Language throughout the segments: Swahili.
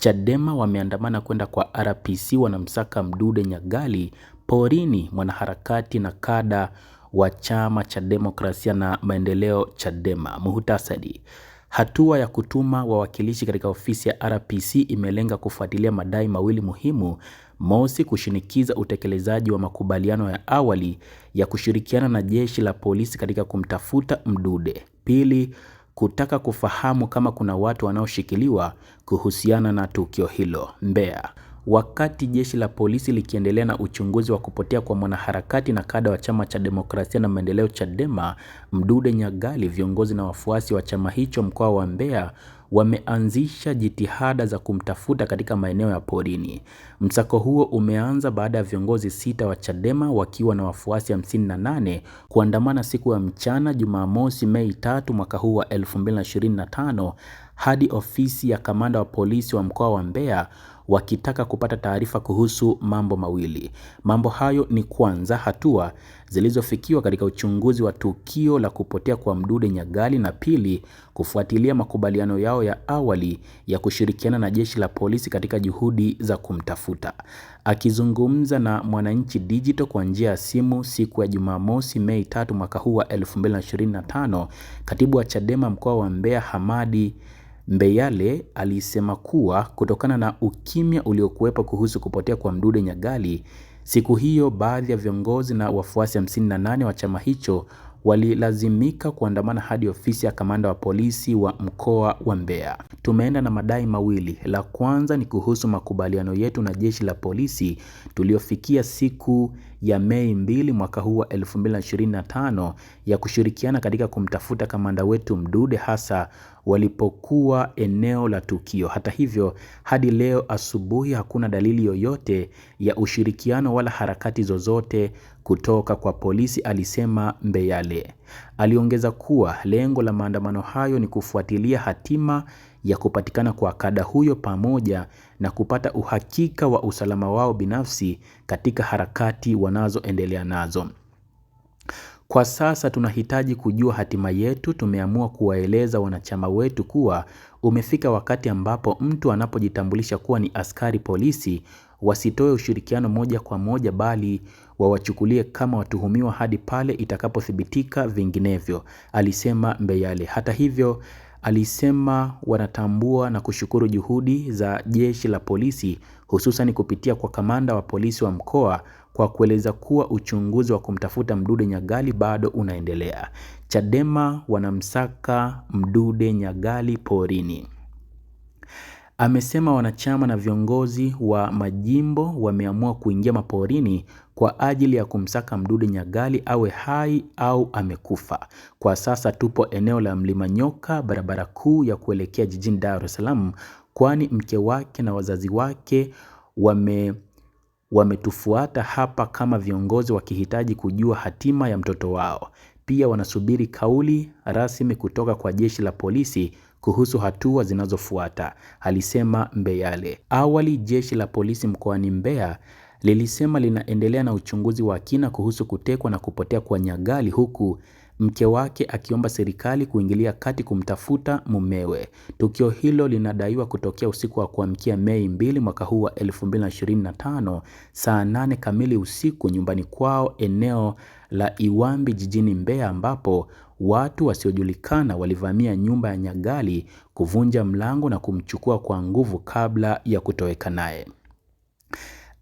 Chadema wameandamana kwenda kwa RPC, wanamsaka Mdude Nyagali porini. Mwanaharakati na kada wa chama cha demokrasia na maendeleo Chadema. Muhutasari, hatua ya kutuma wawakilishi katika ofisi ya RPC imelenga kufuatilia madai mawili muhimu. Mosi, kushinikiza utekelezaji wa makubaliano ya awali ya kushirikiana na jeshi la polisi katika kumtafuta Mdude. Pili, kutaka kufahamu kama kuna watu wanaoshikiliwa kuhusiana na tukio hilo Mbeya. Wakati jeshi la polisi likiendelea na uchunguzi wa kupotea kwa mwanaharakati na kada wa chama cha demokrasia na maendeleo Chadema, Mdude Nyagali, viongozi na wafuasi wa chama hicho mkoa wa Mbeya wameanzisha jitihada za kumtafuta katika maeneo ya porini. Msako huo umeanza baada ya viongozi sita wa Chadema wakiwa na wafuasi 58 kuandamana siku ya mchana Jumamosi Mei 3 mwaka huu wa 2025 hadi ofisi ya kamanda wa polisi wa mkoa wa Mbeya wakitaka kupata taarifa kuhusu mambo mawili. Mambo hayo ni kwanza, hatua zilizofikiwa katika uchunguzi wa tukio la kupotea kwa Mdude Nyagali, na pili, kufuatilia makubaliano yao ya awali ya kushirikiana na jeshi la polisi katika juhudi za kumtafuta. Akizungumza na Mwananchi Digital kwa njia ya simu siku ya Jumamosi, Mei 3 mwaka huu wa 2025, katibu wa Chadema mkoa wa Mbeya Hamadi Mbeyale alisema kuwa kutokana na ukimya uliokuwepo kuhusu kupotea kwa Mdude Nyagali, siku hiyo baadhi ya viongozi na wafuasi 58 wa chama hicho walilazimika kuandamana hadi ofisi ya kamanda wa polisi wa mkoa wa Mbeya. Tumeenda na madai mawili, la kwanza ni kuhusu makubaliano yetu na jeshi la polisi tuliofikia siku ya Mei 2 mwaka huu wa 2025 ya kushirikiana katika kumtafuta kamanda wetu Mdude hasa walipokuwa eneo la tukio. Hata hivyo, hadi leo asubuhi hakuna dalili yoyote ya ushirikiano wala harakati zozote kutoka kwa polisi, alisema Mbeyale. Aliongeza kuwa lengo la maandamano hayo ni kufuatilia hatima ya kupatikana kwa kada huyo pamoja na kupata uhakika wa usalama wao binafsi katika harakati wanazoendelea nazo. Kwa sasa tunahitaji kujua hatima yetu. Tumeamua kuwaeleza wanachama wetu kuwa umefika wakati ambapo mtu anapojitambulisha kuwa ni askari polisi, wasitoe ushirikiano moja kwa moja, bali wawachukulie kama watuhumiwa hadi pale itakapothibitika vinginevyo, alisema Mbeyale. Hata hivyo alisema wanatambua na kushukuru juhudi za jeshi la polisi hususan kupitia kwa kamanda wa polisi wa mkoa kwa kueleza kuwa uchunguzi wa kumtafuta Mdude Nyagali bado unaendelea. Chadema wanamsaka Mdude Nyagali porini. Amesema wanachama na viongozi wa majimbo wameamua kuingia maporini kwa ajili ya kumsaka mdude Nyagali awe hai au amekufa. Kwa sasa tupo eneo la Mlima Nyoka, barabara kuu ya kuelekea jijini Dar es Salaam, kwani mke wake na wazazi wake wame wametufuata hapa kama viongozi wakihitaji kujua hatima ya mtoto wao. Pia wanasubiri kauli rasmi kutoka kwa jeshi la polisi kuhusu hatua zinazofuata, alisema Mbeyale. Awali jeshi la polisi mkoani Mbeya lilisema linaendelea na uchunguzi wa kina kuhusu kutekwa na kupotea kwa Nyagali huku mke wake akiomba serikali kuingilia kati kumtafuta mumewe. Tukio hilo linadaiwa kutokea usiku wa kuamkia Mei 2 mwaka huu wa 2025 saa 8 kamili usiku nyumbani kwao eneo la Iwambi jijini Mbeya ambapo watu wasiojulikana walivamia nyumba ya Nyagali kuvunja mlango na kumchukua kwa nguvu kabla ya kutoweka naye.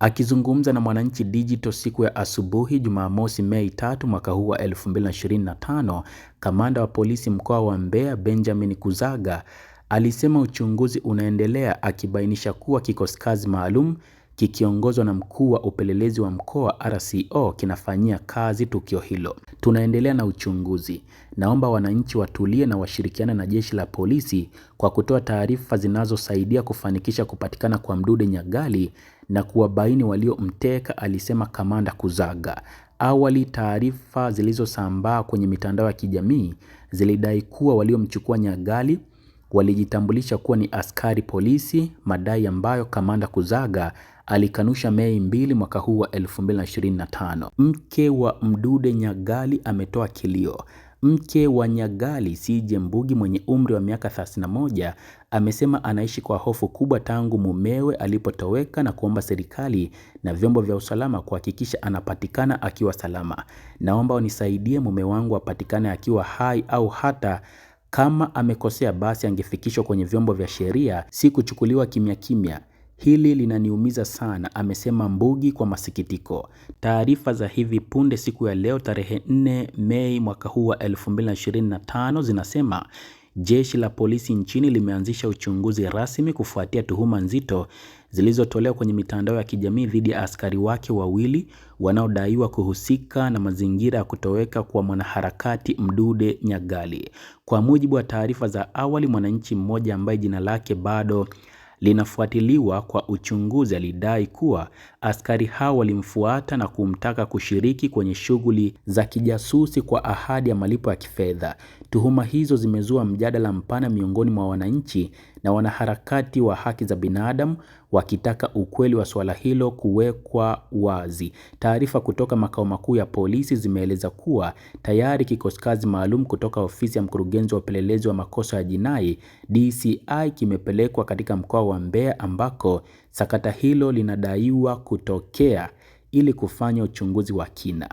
Akizungumza na Mwananchi Digital siku ya asubuhi Jumamosi Mei 3 mwaka huu wa 2025, kamanda wa polisi mkoa wa Mbeya Benjamin Kuzaga alisema uchunguzi unaendelea, akibainisha kuwa kikosi kazi maalum kikiongozwa na mkuu wa upelelezi wa mkoa RCO kinafanyia kazi tukio hilo. Tunaendelea na uchunguzi. Naomba wananchi watulie na washirikiane na jeshi la polisi kwa kutoa taarifa zinazosaidia kufanikisha kupatikana kwa Mdude Nyagali na kuwabaini waliomteka, alisema Kamanda Kuzaga. Awali taarifa zilizosambaa kwenye mitandao ya kijamii zilidai kuwa waliomchukua Nyagali walijitambulisha kuwa ni askari polisi, madai ambayo Kamanda Kuzaga alikanusha Mei mbili mwaka huu wa 2025. Mke wa Mdude Nyagali ametoa kilio. Mke wa Nyagali CJ Mbugi mwenye umri wa miaka 31 amesema anaishi kwa hofu kubwa tangu mumewe alipotoweka na kuomba serikali na vyombo vya usalama kuhakikisha anapatikana akiwa salama. Naomba unisaidie mume wangu apatikane akiwa hai au hata kama amekosea basi angefikishwa kwenye vyombo vya sheria, si kuchukuliwa kimya kimya. Hili linaniumiza sana, amesema Mbugi kwa masikitiko. Taarifa za hivi punde siku ya leo tarehe 4 Mei mwaka huu wa 2025 zinasema Jeshi la polisi nchini limeanzisha uchunguzi rasmi kufuatia tuhuma nzito zilizotolewa kwenye mitandao ya kijamii dhidi ya askari wake wawili wanaodaiwa kuhusika na mazingira ya kutoweka kwa mwanaharakati Mdude Nyagali. Kwa mujibu wa taarifa za awali, mwananchi mmoja ambaye jina lake bado linafuatiliwa kwa uchunguzi alidai kuwa askari hao walimfuata na kumtaka kushiriki kwenye shughuli za kijasusi kwa ahadi ya malipo ya kifedha. Tuhuma hizo zimezua mjadala mpana miongoni mwa wananchi na wanaharakati wa haki za binadamu wakitaka ukweli wa suala hilo kuwekwa wazi. Taarifa kutoka makao makuu ya polisi zimeeleza kuwa tayari kikosi kazi maalum kutoka ofisi ya mkurugenzi wa upelelezi wa makosa ya jinai DCI kimepelekwa katika mkoa wa Mbeya ambako sakata hilo linadaiwa kutokea ili kufanya uchunguzi wa kina.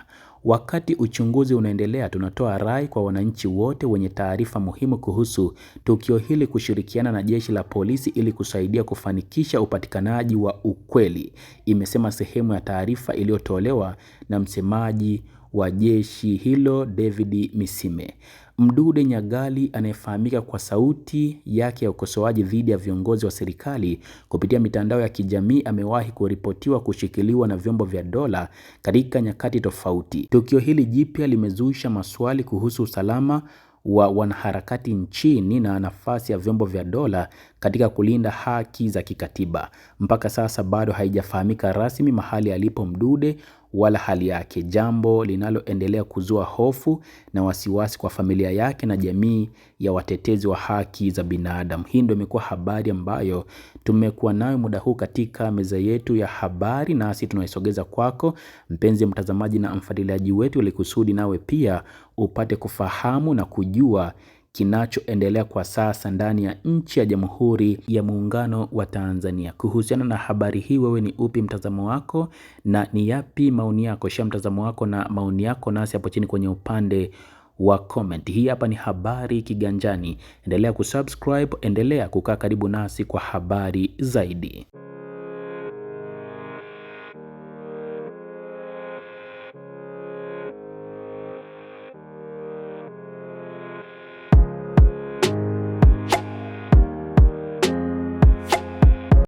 Wakati uchunguzi unaendelea, tunatoa rai kwa wananchi wote wenye taarifa muhimu kuhusu tukio hili kushirikiana na jeshi la polisi ili kusaidia kufanikisha upatikanaji wa ukweli, imesema sehemu ya taarifa iliyotolewa na msemaji wa jeshi hilo David Misime. Mdude Nyagali anayefahamika kwa sauti yake ya ukosoaji dhidi ya viongozi wa serikali kupitia mitandao ya kijamii amewahi kuripotiwa kushikiliwa na vyombo vya dola katika nyakati tofauti. Tukio hili jipya limezusha maswali kuhusu usalama wa wanaharakati nchini na nafasi ya vyombo vya dola katika kulinda haki za kikatiba. Mpaka sasa bado haijafahamika rasmi mahali alipo Mdude wala hali yake, jambo linaloendelea kuzua hofu na wasiwasi kwa familia yake na jamii ya watetezi wa haki za binadamu. Hii ndio imekuwa habari ambayo tumekuwa nayo muda huu katika meza yetu ya habari, nasi tunaisogeza kwako mpenzi mtazamaji na mfuatiliaji wetu, ili kusudi nawe pia upate kufahamu na kujua kinachoendelea kwa sasa ndani ya nchi ya Jamhuri ya Muungano wa Tanzania. Kuhusiana na habari hii, wewe ni upi mtazamo wako na ni yapi maoni yako? Shia mtazamo wako na maoni yako nasi hapo chini kwenye upande wa comment. Hii hapa ni Habari Kiganjani. Endelea kusubscribe, endelea kukaa karibu nasi kwa habari zaidi.